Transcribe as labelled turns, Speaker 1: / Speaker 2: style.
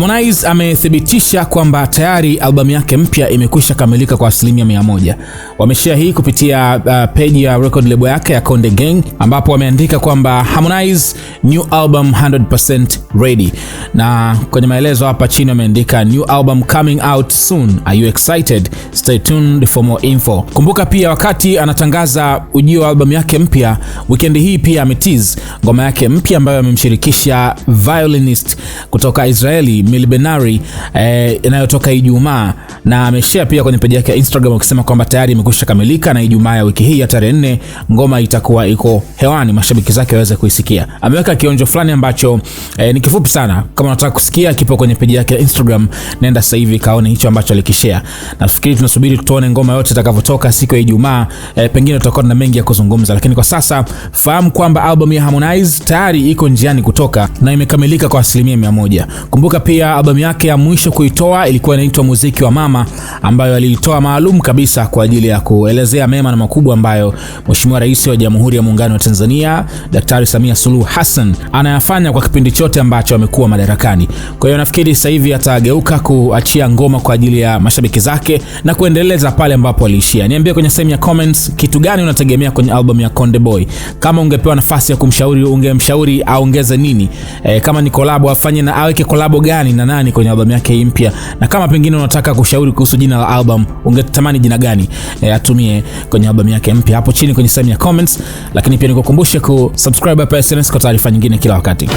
Speaker 1: Harmonize amethibitisha kwamba tayari albamu yake mpya imekwisha kamilika kwa asilimia mia moja. Wameshare hii kupitia uh, page ya record label yake ya Konde Gang ambapo wameandika kwamba Harmonize new album 100% ready, na kwenye maelezo hapa chini wameandika new album coming out soon, are you excited? Stay tuned for more info. Kumbuka pia wakati anatangaza ujio wa albamu yake mpya weekend hii pia ametease ngoma yake mpya ambayo amemshirikisha violinist kutoka Israeli Milbenari eh, inayotoka Ijumaa na ameshare pia kwenye peji yake ya Instagram akisema kwamba tayari imekwisha kamilika na Ijumaa ya wiki hii ya tarehe nne ngoma itakuwa iko hewani, mashabiki zake waweze kuisikia. Ameweka kionjo fulani ambacho eh, ni kifupi sana. Kama unataka kusikia, kipo kwenye peji yake ya Instagram, nenda sasa hivi kaone hicho ambacho alikishare. Nafikiri tunasubiri tuone ngoma yote itakavyotoka siku ya Ijumaa. Eh, pengine tutakuwa na mengi ya kuzungumza, lakini kwa sasa fahamu kwamba album ya Harmonize tayari iko njiani kutoka na imekamilika kwa asilimia mia moja. Kumbuka pia albamu yake ya mwisho kuitoa ilikuwa inaitwa Muziki wa Mama, ambayo alilitoa maalum kabisa kwa ajili ya kuelezea mema na makubwa ambayo Mheshimiwa Rais wa Jamhuri ya Muungano wa Tanzania Daktari Samia Suluhu Hassan anayafanya kwa kipindi chote ambacho amekuwa madarakani. Kwa hiyo nafikiri sasa hivi atageuka kuachia ngoma kwa ajili ya mashabiki zake na kuendeleza pale ambapo aliishia. Niambie kwenye sehemu ya comments kitu gani unategemea kwenye album ya Konde Boy. Kama ungepewa nafasi ya kumshauri, ungemshauri aongeze nini? E, kama ni kolabo afanye na aweke kolabo gani? gani na nani kwenye albamu yake hii mpya, na kama pengine unataka kushauri kuhusu jina la album ungetamani jina gani e, atumie kwenye albamu yake mpya, hapo chini kwenye sehemu ya comments. Lakini pia nikukumbushe kusubscribe hapa SnS kwa taarifa nyingine kila wakati.